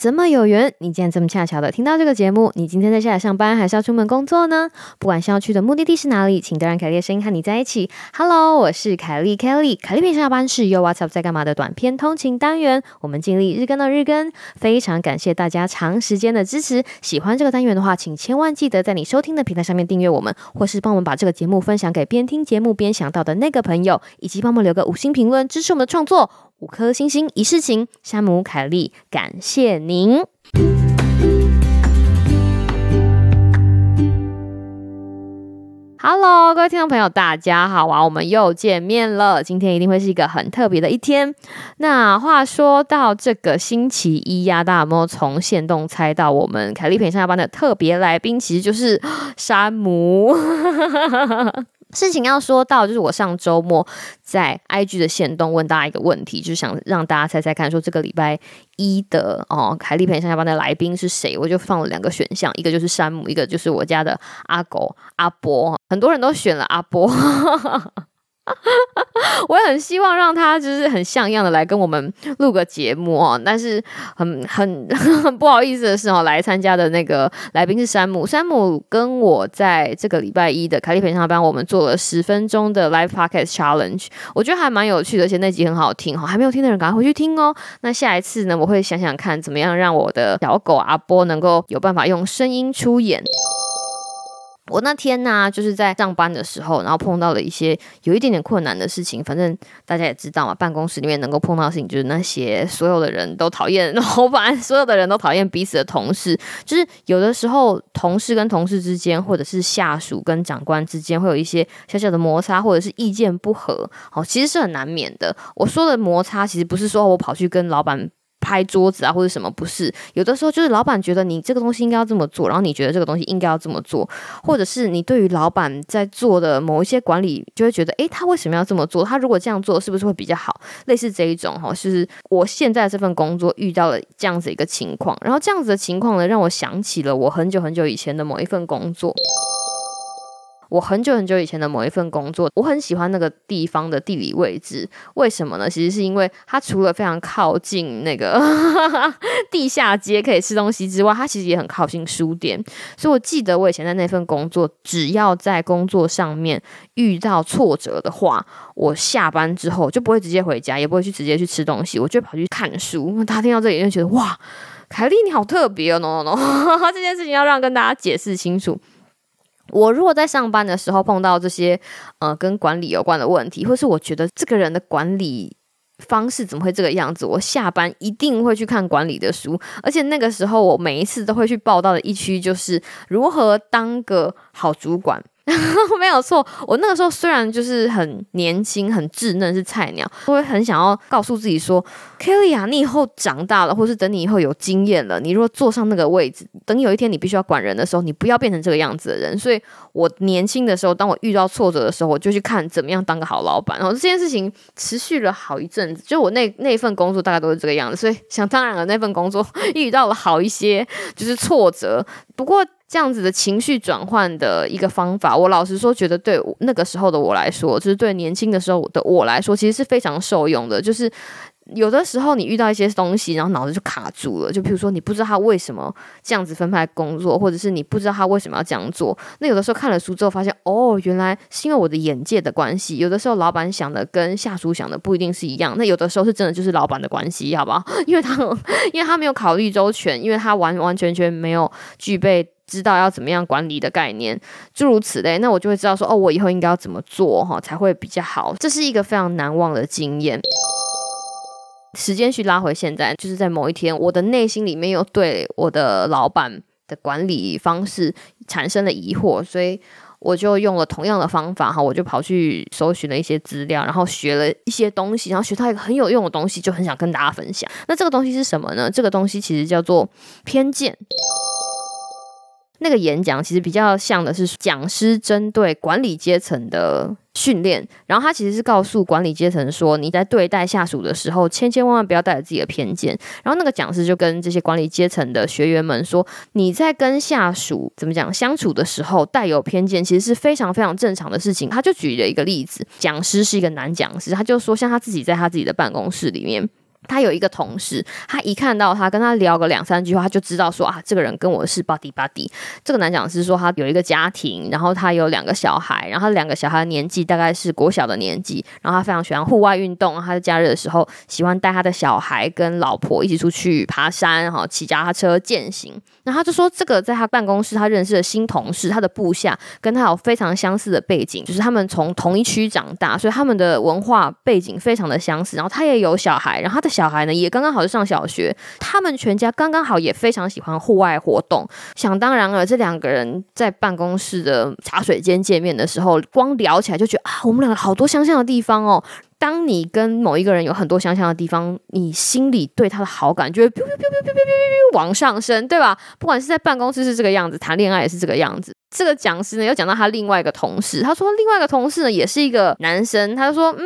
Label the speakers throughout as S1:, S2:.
S1: 這麼有緣？你竟然這麼恰巧的聽到這個節目？你今天在下來上班，還是要出門工作呢？不管是要去的目的地是哪裡，請都讓凱莉的聲音和你在一起。Hello，我是凱莉，Kelly 凱。凱莉陪你上下班是 Yo! What's Up 在幹嘛的短篇通勤單元。我們盡力日更到日更，非常感謝大家長時間的支持。喜歡這個單元的話，請千萬記得在你收聽的平台上面訂閱我們，或是幫我們把這個節目分享給邊聽節目邊想到的那個朋友，以及幫我們留個五星評論支持我們的創作。五顆星星，一世情。山姆·凱莉，感謝您。Hello，各位聽眾朋友，大家好啊，我們又見面了。今天一定會是一個很特別的一天。那話說到這個星期一呀、啊，大家有沒有從限動猜到我們凱莉陪你上下班的特別來賓？其實就是山姆。 事情要說到，就是我上週末在 IG 的限動問大家一個問題，就是想讓大家猜猜看，說這個禮拜一的哦，凱莉陪上下班的來賓是誰？我就放了兩個選項，一個就是山姆，一個就是我家的阿狗阿波，很多人都選了阿波。 我也很希望讓他就是很像樣的來跟我們錄個節目哦，但是很很很不好意思的是哦，來參加的那個來賓是山姆，山姆跟我在這個禮拜一的凱莉陪上班，我們做了十分鐘的 Live Podcast Challenge，我覺得還蠻有趣的，而且那集很好聽哦。還沒有聽的人趕快回去聽哦、喔。那下一次呢，我會想想看怎麼樣讓我的小狗阿波能夠有辦法用聲音出演。我那天呢、啊，就是在上班的時候，然後碰到了一些有一點點困難的事情。反正大家也知道嘛，辦公室裡面能夠碰到的事情，就是那些所有的人都討厭老板，所有的人都討厭彼此的同事。就是有的時候，同事跟同事之間，或者是下屬跟長官之間，會有一些小小的摩擦，或者是意見不合，哦，其實是很難免的。我說的摩擦，其實不是說我跑去跟老板。拍桌子啊，或者什麼不是？有的時候就是老板覺得你這個東西應該要這麼做，然後你覺得這個東西應該要這麼做，或者是你對於老板在做的某一些管理，就會覺得，欸，他為什麼要這麼做？他如果這樣做，是不是會比較好？類似這一種哈，就是我現在這份工作遇到了這樣子一個情況，然後這樣子的情況呢，讓我想起了我很久很久以前的某一份工作。我很久很久以前的某一份工作，我很喜歡那個地方的地理位置，為什麼呢？其實是因為它除了非常靠近那個 地下街可以吃東西之外，它其實也很靠近書店。所以我記得我以前在那份工作，只要在工作上面遇到挫折的話，我下班之後就不會直接回家，也不會去直接去吃東西，我就跑去看書。那他聽到這裡就覺得哇，凱莉你好特別哦，no no no，這件事情要讓跟大家解釋清楚。我如果在上班的時候碰到這些，呃，跟管理有關的問題，或是我覺得這個人的管理方式怎麼會這個樣子，我下班一定會去看管理的書。而且那個時候，我每一次都會去報到的一區，就是如何當個好主管。 沒有錯，我那個時候雖然就是很年輕、很稚嫩，是菜鳥，我會很想要告訴自己說“凱莉啊，你以後長大了，或是等你以後有經驗了，你如果坐上那個位置，等有一天你必須要管人的時候，你不要變成這個樣子的人。”所以，我年輕的時候，當我遇到挫折的時候，我就去看怎麼樣當個好老闆。然後這件事情持續了好一陣子，就我那那份工作大概都是這個樣子。所以想當然了，那份工作 遇到了好一些，就是挫折。不過。這樣子的情緒轉換的一個方法，我老實說，覺得對那個時候的我來說，就是對年輕的時候的我來說，其實是非常受用的。就是有的時候你遇到一些東西，然後腦子就卡住了。就比如說，你不知道他為什麼這樣子分派工作，或者是你不知道他為什麼要這樣做。那有的時候看了書之後，發現哦，原來是因為我的眼界的關係。有的時候，老闆想的跟下屬想的不一定是一樣。那有的時候是真的就是老闆的關係，好不好？因為他因為他沒有考慮周全，因為他完完全全沒有具備。知道要怎麼樣管理的概念，諸如此類，那我就會知道說哦，我以後應該要怎麼做哈，才會比較好。這是一個非常難忘的經驗。時間去拉回現在，就是在某一天，我的內心裡面又對我的老闆的管理方式產生了疑惑，所以我就用了同樣的方法哈，我就跑去搜尋了一些資料，然後學了一些東西，然後學到一個很有用的東西，就很想跟大家分享。那這個東西是什麼呢？這個東西其實叫做偏見。那個演講其實比較像的是講師針對管理階層的訓練，然後他其實是告訴管理階層說，你在對待下屬的時候，千千萬萬不要帶着自己的偏見。然後那個講師就跟這些管理階層的學員們說，你在跟下屬怎麼講，相處的時候帶有偏見，其實是非常非常正常的事情。他就舉了一個例子，講師是一個男講師，他就說像他自己在他自己的辦公室裡面。他有一個同事，他一看到他跟他聊個兩三句話，他就知道說啊，這個人跟我是 buddy buddy 這個難講是說，他有一個家庭，然後他有兩個小孩，然後他兩個小孩的年紀大概是國小的年紀，然後他非常喜歡戶外運動，然後他在假日的時候喜歡帶他的小孩跟老婆一起出去爬山，哈，騎腳踏車健行。那他就說，這個在他辦公室他認識的新同事，他的部下跟他有非常相似的背景，就是他們從同一區長大，所以他們的文化背景非常的相似。然後他也有小孩，然後他的。小孩呢，也剛剛好是上小學，他們全家剛剛好也非常喜歡戶外活動。想當然了，這兩個人在辦公室的茶水間見面的時候，光聊起來就覺得啊，我們兩個好多相像的地方哦。當你跟某一個人有很多相像的地方，你心裡對他的好感就會咻咻咻咻咻咻咻咻往上升，對吧？不管是在辦公室是這個樣子，談戀愛也是這個樣子。這個講師呢，又講到他另外一個同事，他說另外一個同事呢，也是一個男生，他說，嗯，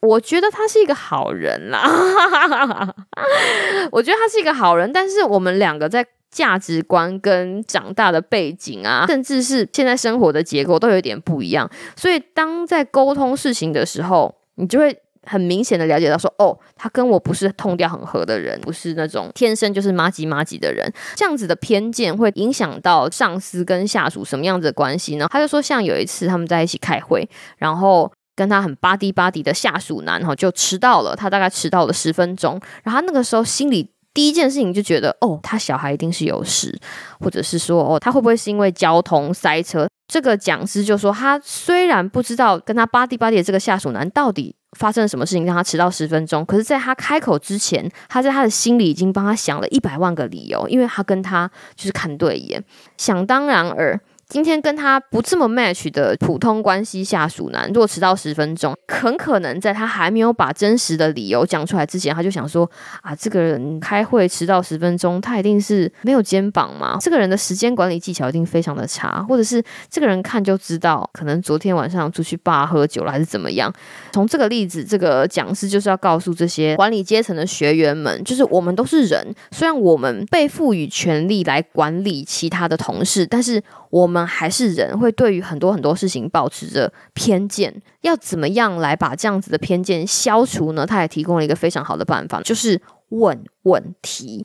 S1: 我覺得他是一個好人啦、啊， 我覺得他是一個好人，但是我們兩個在價值觀跟長大的背景啊，甚至是現在生活的結構，都有點不一樣，所以當在溝通事情的時候，你就會。很明顯的了解到說，哦，他跟我不是 tone 調很合的人，不是那種天生就是麻吉麻吉的人。這樣子的偏見會影響到上司跟下屬什麼樣子的關係呢？他就說，像有一次他們在一起開會，然後跟他很巴迪巴迪的下屬男哈就遲到了，他大概遲到了十分鐘。然後他那個時候心裡第一件事情就覺得，哦，他小孩一定是有事，或者是說，哦，他會不會是因為交通塞車？這個講師就說，他雖然不知道跟他巴迪巴迪的這個下屬男到底。發生了什麼事情讓他遲到十分鐘？可是，在他開口之前，他在他的心裡已經幫他想了一百萬個理由，因為他跟他就是看對眼，想當然爾。今天跟他不這麼 match 的普通關係下屬男，如果遲到十分鐘，很可能在他還沒有把真實的理由講出來之前，他就想說啊，這個人開會遲到十分鐘，他一定是沒有肩膀嘛，這個人的時間管理技巧一定非常的差，或者是這個人看就知道，可能昨天晚上出去吧喝酒了，還是怎麼樣？從這個例子，這個講師就是要告訴這些管理階層的學員們，就是我們都是人，雖然我們被賦予權力來管理其他的同事，但是，我們還是人，會對於很多很多事情保持着偏見。要怎麼樣來把這樣子的偏見消除呢？他也提供了一個非常好的辦法，就是問問題。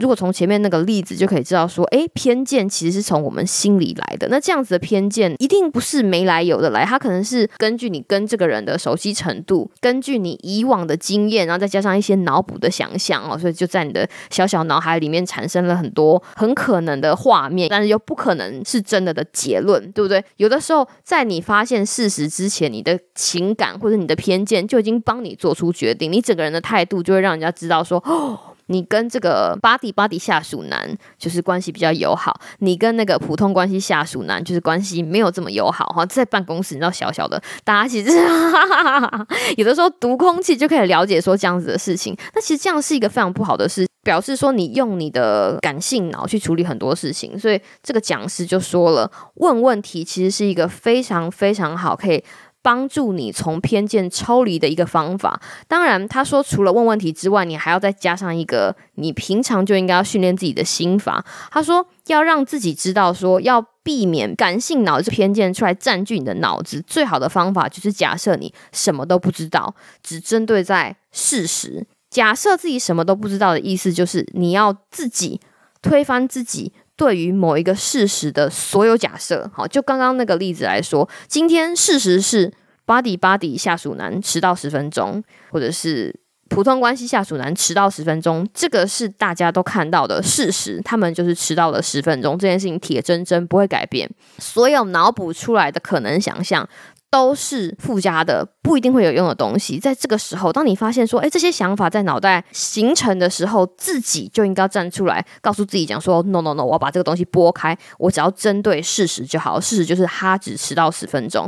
S1: 如果從前面那個例子就可以知道說，誒，偏見其實是從我們心裡來的。那這樣子的偏見一定不是沒來由的來，它可能是根據你跟這個人的熟悉程度，根據你以往的經驗，然後再加上一些腦補的想象哦，所以就在你的小小腦海裡面產生了很多很可能的畫面，但是又不可能是真的的結論，對不對？有的時候在你發現事實之前，你的情感或者你的偏見就已經幫你做出決定，你整個人的態度就會讓人家知道說，哦。你跟這個 buddy buddy 下屬男就是關係比較友好，你跟那個普通關係下屬男就是關係沒有這麼友好哈，在辦公室你知道小小的大家其實哈哈哈哈，有的時候讀空氣就可以了解說這樣子的事情，那其實這樣是一個非常不好的事，表示說你用你的感性腦去處理很多事情，所以這個講師就說了，問問題其實是一個非常非常好可以。幫助你從偏見抽離的一個方法，當然，他說除了問問題之外，你還要再加上一個，你平常就應該要訓練自己的心法。他說，要讓自己知道說，要避免感性腦子偏見出來占據你的腦子，最好的方法就是假設你什麼都不知道，只針對在事實。假設自己什麼都不知道的意思，就是你要自己推翻自己。對於某一個事實的所有假設，好，就剛剛那個例子來說，今天事實是 buddy buddy 下屬男遲到十分鐘，或者是普通關係下屬男遲到十分鐘，這個是大家都看到的事實，他們就是遲到了十分鐘，這件事情鐵錚錚不會改變，所有腦補出來的可能想象。都是附加的，不一定會有用的東西。在這個時候，當你發現說，哎、欸，這些想法在腦袋形成的時候，自己就應該站出來，告訴自己講說，no no no，我要把這個東西撥開，我只要針對事實就好。事實就是他只遲到十分鐘。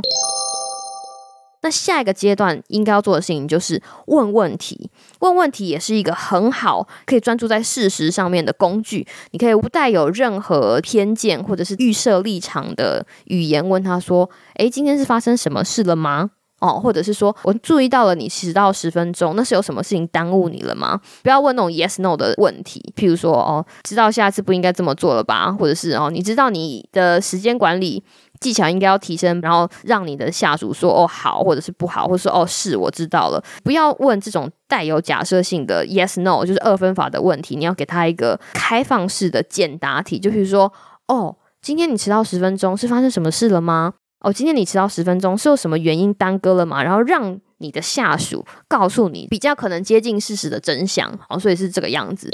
S1: 那下一個階段應該要做的事情就是問問題。問問題也是一個很好可以專注在事實上面的工具。你可以不帶有任何偏見或者是預設立場的語言問他說：“誒，今天是發生什麼事了嗎？”哦，或者是說我注意到了你遲到十分鐘，那是有什麼事情耽誤你了嗎？不要問那種 yes no 的問題，譬如說哦，知道下次不應該這麼做了吧？或者是哦，你知道你的時間管理技巧應該要提升，然後讓你的下屬說哦好，或者是不好，或者說哦是，我知道了。不要問這種帶有假設性的 yes no，就是二分法的問題。你要給他一個開放式的簡答題，就比如說哦，今天你遲到十分鐘是發生什麼事了嗎？哦，今天你遲到十分鐘是有什麼原因耽擱了嗎？然後讓你的下屬告訴你比較可能接近事實的真相。哦，所以是這個樣子。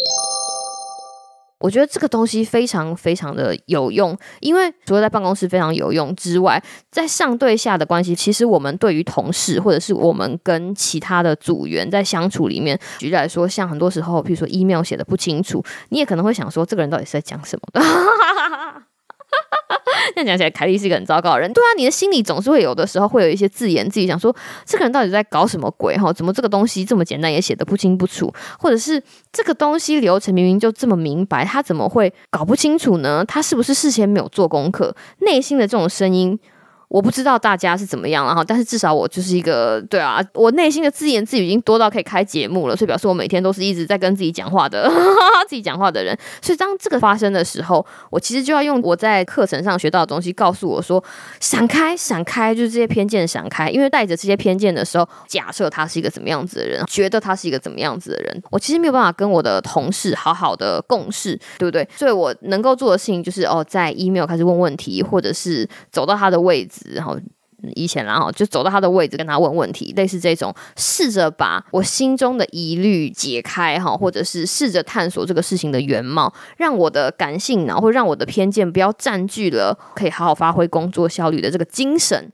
S1: 我覺得這個東西非常非常的有用，因為除了在辦公室非常有用之外，在上對下的關係，其實我們對於同事或者是我們跟其他的組員在相處裡面，舉例來說，像很多時候，比如說 email 寫的不清楚，你也可能會想說，這個人到底是在講什麼的。 那講 起來，凱莉是一個很糟糕的人。對啊，你的心裡總是會有的時候會有一些自言自語，講說，這個人到底在搞什麼鬼？吼怎麼這個東西這麼簡單也寫得不清不楚？或者是這個東西流程明明就這麼明白，他怎麼會搞不清楚呢？他是不是事先沒有做功課？內心的這種聲音。我不知道大家是怎麼樣，然後，但是至少我就是一個，對啊，我內心的自言自語已經多到可以開節目了，所以表示我每天都是一直在跟自己講話的， 自己講話的人。所以當這個發生的時候，我其實就要用我在課程上學到的東西，告訴我說，閃開，閃開，就是這些偏見，閃開。因為帶着這些偏見的時候，假設他是一個怎麼樣子的人，覺得他是一個怎麼樣子的人，我其實沒有辦法跟我的同事好好的共事，對不對？所以我能夠做的事情就是，哦，在 email 開始問問題，或者是走到他的位置。然後以前，然後就走到他的位置，跟他問問題，類似這種，試着把我心中的疑慮解開哈，或者是試着探索這個事情的原貌，讓我的感性腦或者讓我的偏見不要占據了，可以好好發揮工作效率的這個精神。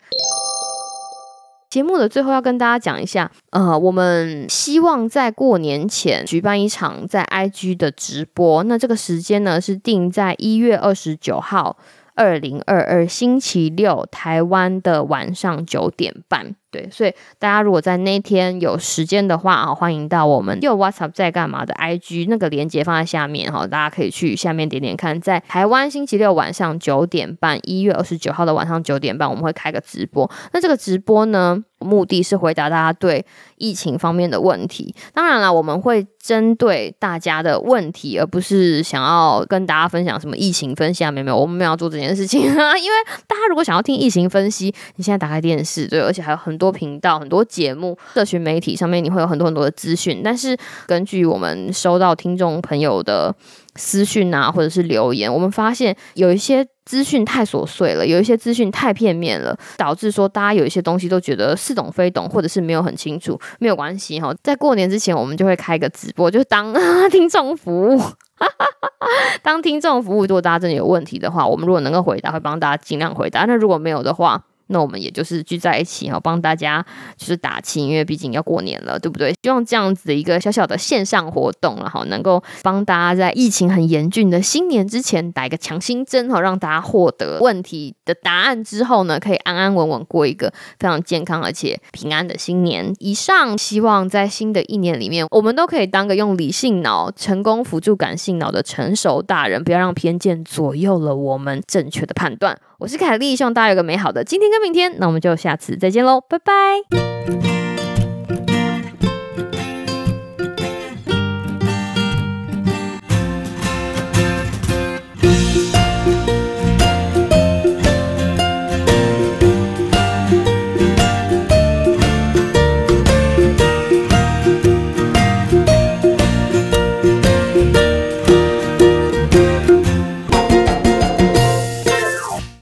S1: 節目的最後要跟大家講一下，呃，我們希望在過年前舉辦一場在 IG 的直播，那這個時間呢是定在一月二十九號。二零二二星期六，台灣的晚上九點半。對，所以大家如果在那天有時間的話啊，歡迎到我們 Yo! What's Up 在幹嘛的 IG 那個鏈接放在下面哈，大家可以去下面點點看。在台灣星期六晚上九點半，一月二十九號的晚上九點半，我們會開個直播。那這個直播呢，目的是回答大家對疫情方面的問題。當然啦，我們會針對大家的問題，而不是想要跟大家分享什麼疫情分析啊，沒有沒有，我們沒有要做這件事情啊。因為大家如果想要聽疫情分析，你現在打開電視，對，而且還有很多。多頻道、很多節目、社群媒體上面，你會有很多很多的資訊。但是根據我們收到聽眾朋友的私訊啊，或者是留言，我們發現有一些資訊太瑣碎了，有一些資訊太片面了，導致說大家有一些東西都覺得似懂非懂，或者是沒有很清楚。沒有關係哈、哦，在過年之前，我們就會開個直播，就是當 聽眾服務， 當聽眾服務。如果大家真的有問題的話，我們如果能夠回答，會幫大家儘量回答。那如果沒有的話，那我們也就是聚在一起哈，幫大家就是打氣，因為畢竟要過年了，對不對？希望這樣子的一個小小的線上活動，然後能夠幫大家在疫情很嚴峻的新年之前打一個強心針，好讓大家獲得問題的答案之後呢，可以安安穩穩過一個非常健康而且平安的新年。以上，希望在新的一年裡面，我們都可以當個用理性腦成功輔助感性腦的成熟大人，不要讓偏見左右了我們正確的判斷。我是凱莉，希望大家有個美好的今天跟明天。那我們就下次再見嘍，拜拜。